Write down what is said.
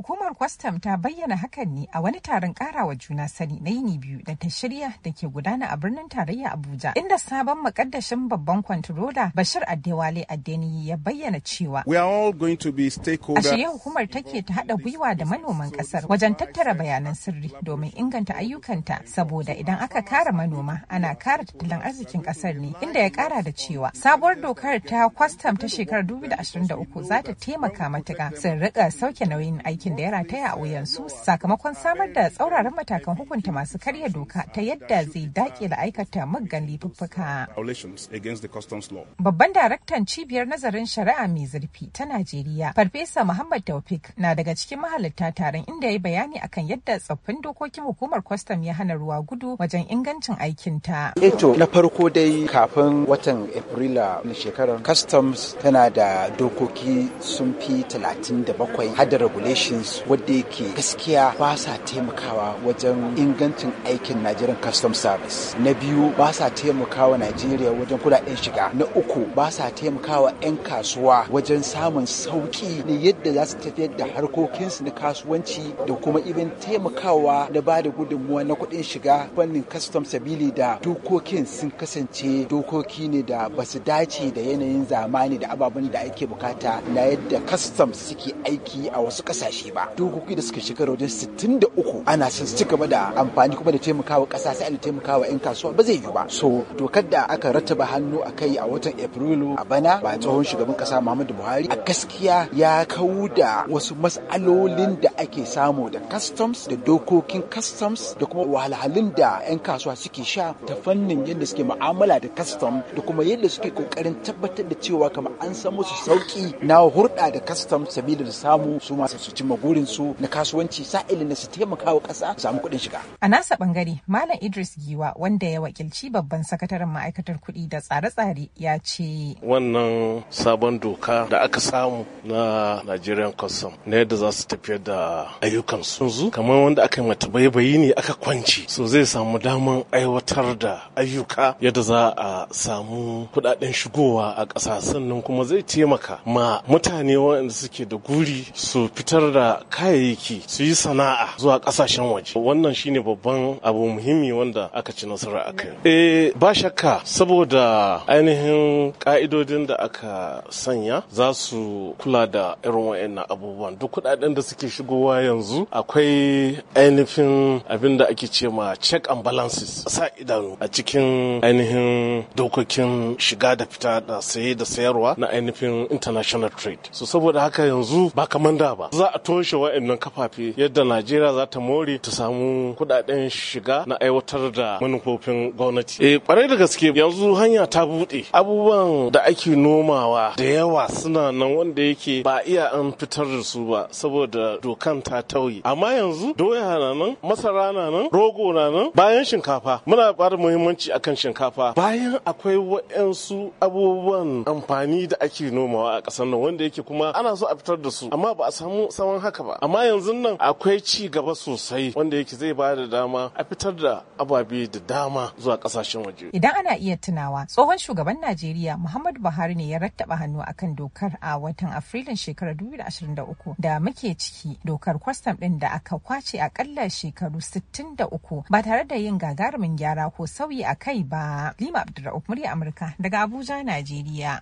Hukumar kwastam ta bayyana hakan ne a wani taron karawa juna sani na yini biyu da ta shirya da ke gudana a birnin tarayya Abuja inda sabon makaddashin babban kwantiroda Bashir Adewale Adeniyi ya bayyana cewa We are all going to be stakeholders. A hukumar take ta hada gwiwa da manoman kasar wajen tattara bayanan sirri domin inganta ayyukanta saboda idan aka kare manoma ana kare tattalin arzikin kasar ne inda ya kara da cewa sabuwar dokar ta kwastam ta shekarar 2023 za ta taimaka matuka sun rika sauke nauyin aikin aikin da ya rataya a wuyansu sakamakon samar da tsauraran matakan hukunta masu karya doka ta yadda zai da aikata muggan lifuffuka. Babban daraktan cibiyar nazarin shari'a mai zurfi ta Najeriya, Farfesa Muhammad Taufik na daga cikin mahalarta taron inda ya yi bayani akan yadda tsoffin dokokin hukumar kwastam ya hana ruwa gudu wajen ingancin aikin ta Eto eh na farko dai kafin watan afrila na shekarar customs tana da dokoki sun fi talatin da bakwai hada regulation su wadda yake gaskiya ba sa taimakawa wajen ingancin aikin Nigerian Customs Service. Na biyu ba sa taimakawa Najeriya wajen kudaden shiga. Na uku ba sa taimakawa 'yan kasuwa wajen samun sauki na yadda za su tafiyar da harkokinsu na kasuwanci da kuma ibin taimakawa na ba da gudunmuwa na kuɗin shiga fannin customs sabili da dokokin sun kasance dokoki ne da ba su dace da yanayin zamani da ababen da ake bukata na yadda customs suke aiki a wasu kasashe. shi ba dokoki da suka shiga wajen 63 ana son su ci gaba da amfani kuma da taimakawa ƙasa sai da taimakawa 'yan kasuwa ba zai yiwu ba so dokar da aka rattaba hannu a kai a watan afrilu a bana ba tsohon shugaban ƙasa muhammadu buhari a gaskiya ya kawo da wasu matsalolin da ake samu da customs da dokokin customs da kuma wahalhalun da 'yan kasuwa suke sha ta fannin yadda suke mu'amala da custom da kuma yadda suke kokarin tabbatar da cewa kamar an san musu sauki na hurɗa da custom sabida da samu su masu su cimma su na kasuwanci sa'ilin da su taimaka wa ƙasa samu kuɗin shiga. A nasa ɓangare Malam Idris Giwa wanda ya wakilci babban sakataren ma'aikatar kuɗi da tsare-tsare ya ce. Wannan sabon doka da aka samu na Nigerian Custom na yadda za su tafiyar da ayyukan su kamar wanda aka yi mata baibayi ne aka kwanci so zai samu daman aiwatar da ayyuka yadda za a samu kuɗaɗen shigowa a ƙasa sannan kuma zai taimaka ma mutane waɗanda suke da guri su fitar da da kayayyaki su yi sana'a zuwa kasashen waje wannan shine babban abu muhimmi wanda aka ci nasara a kai eh ba shakka saboda ainihin ka'idodin da aka sanya za su kula da irin wayannan abubuwan duk kudaden da suke shigowa yanzu akwai ainihin abin da ake ce ma check and balances sa idanu a cikin ainihin dokokin shiga da fita da saye da sayarwa na ainihin international trade so saboda haka yanzu ba kamar da ba za a toshe wa'annan kafafe yadda najeriya za ta more ta samu kudaden shiga na aiwatar da manufofin gwamnati eh kwarai da gaske yanzu hanya ta buɗe abubuwan da ake nomawa da yawa suna nan wanda yake ba iya an fitar da su ba saboda dokan ta tauye amma yanzu doya na nan masara na nan rogo na nan bayan shinkafa muna bada muhimmanci akan shinkafa bayan akwai wa'ansu abubuwan amfani da ake nomawa a ƙasar nan wanda yake kuma ana so a fitar da su amma ba a samu saman haka ba amma yanzu nan akwai ci gaba sosai wanda yake zai ba da dama a fitar da ababe da dama zuwa kasashen waje idan ana iya tunawa tsohon shugaban najeriya muhammadu buhari ne ya rattaba hannu akan dokar a watan afrilun shekarar 2023 da muke ciki dokar kwastam din da aka kwace akalla shekaru sittin da uku ba tare da yin gagarumin gyara ko sauyi a kai ba lima abdulrahman murya amurka daga abuja najeriya